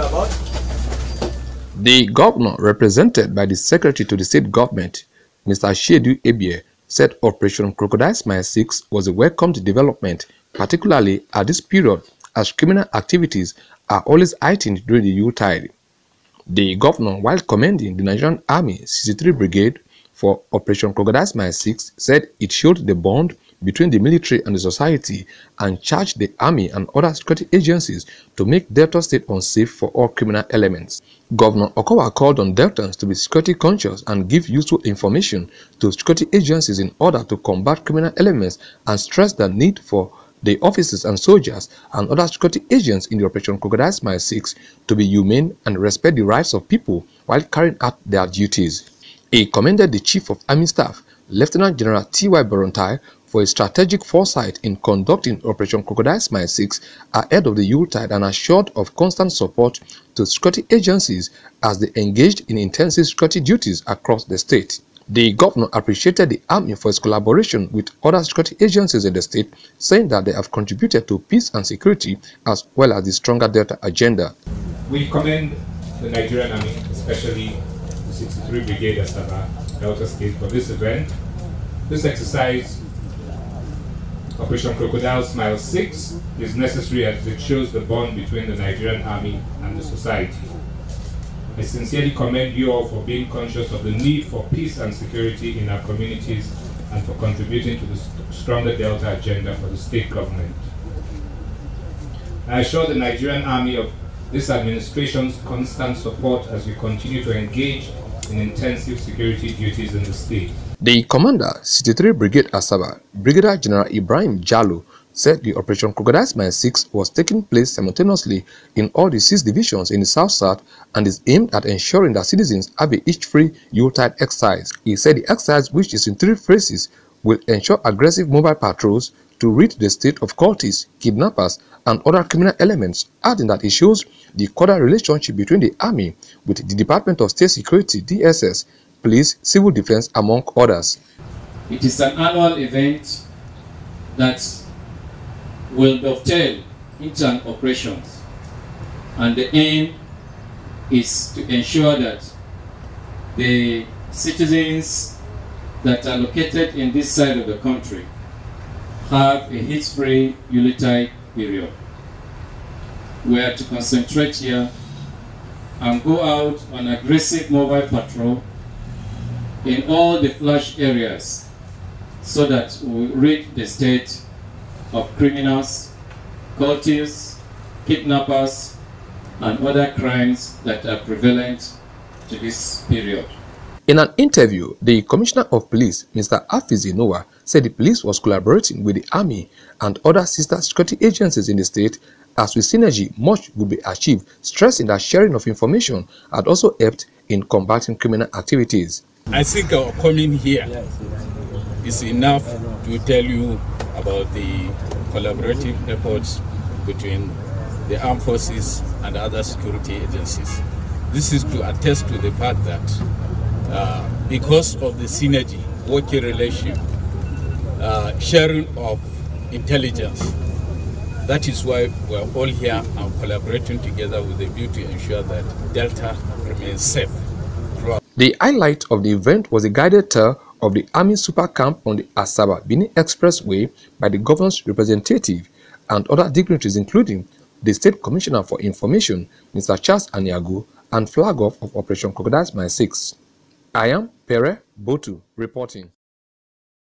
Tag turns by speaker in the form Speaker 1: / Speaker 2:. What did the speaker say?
Speaker 1: about? The governor, represented by the secretary to the state government, Mr. Shedu Ebie, said Operation Crocodile Smile 6 was a welcomed development, particularly at this period as criminal activities are always heightened during the tide. The governor, while commending the Nigerian Army 63 Brigade for Operation Crocodile Smile 6, said it showed the bond between the military and the society and charged the army and other security agencies to make Delta State unsafe for all criminal elements. Governor Okowa called on Deltans to be security conscious and give useful information to security agencies in order to combat criminal elements and stressed the need for the officers and soldiers and other security agents in the Operation Crocodile Smile 6 to be humane and respect the rights of people while carrying out their duties. He commended the Chief of Army Staff, Lieutenant General T.Y. Borontai, for a strategic foresight in conducting Operation Crocodile Smile 6 ahead of the Yuletide and assured of constant support to security agencies as they engaged in intensive security duties across the state. The governor appreciated the army for its collaboration with other security agencies in the state, saying that they have contributed to peace and security as well as the stronger Delta agenda.
Speaker 2: We commend the Nigerian army, especially the 63 Brigade Asaba Delta State, for this event. This exercise Operation Crocodile Smile 6 is necessary as it shows the bond between the Nigerian army and the society. I sincerely commend you all for being conscious of the need for peace and security in our communities and for contributing to the stronger Delta agenda for the state government. I assure the Nigerian Army of this administration's constant support as we continue to engage in intensive security duties in the state.
Speaker 1: The commander, 63 Brigade Asaba, Brigadier General Ibrahim Jalo, said the Operation Crocodiles Mine 6 was taking place simultaneously in all the six divisions in the South South and is aimed at ensuring that citizens have a itch-free Yuletide exercise. He said the exercise, which is in three phases, will ensure aggressive mobile patrols to rid the state of cultists, kidnappers, and other criminal elements, adding that it shows the cordial relationship between the Army with the Department of State Security, DSS, police, civil defense, among others.
Speaker 3: It is an annual event that will dovetail into an operations and the aim is to ensure that the citizens that are located in this side of the country have a history free period. We are to concentrate here and go out on aggressive mobile patrol in all the flush areas so that we rid the state of criminals, cultists, kidnappers, and other crimes that are prevalent to this period.
Speaker 1: In an interview, the Commissioner of Police, Mr. Afizi Noah, said the police was collaborating with the Army and other sister security agencies in the state as with synergy, much would be achieved, stressing that sharing of information had also helped in combating criminal activities.
Speaker 2: I
Speaker 4: think our uh, coming here is enough to tell you about the collaborative efforts between the armed forces and other security agencies. This is to attest to the fact that uh, because of the synergy, working relationship, uh, sharing of intelligence, that is why we're all here and collaborating together with a view to ensure that Delta remains safe.
Speaker 1: The highlight of the event was a guided tour of the Army Super Camp on the Asaba Benin Expressway by the governor's representative and other dignitaries including the State Commissioner for Information, Mr. Charles Aniago, and flag off of Operation Crocodile 6. I am Pere Botu reporting.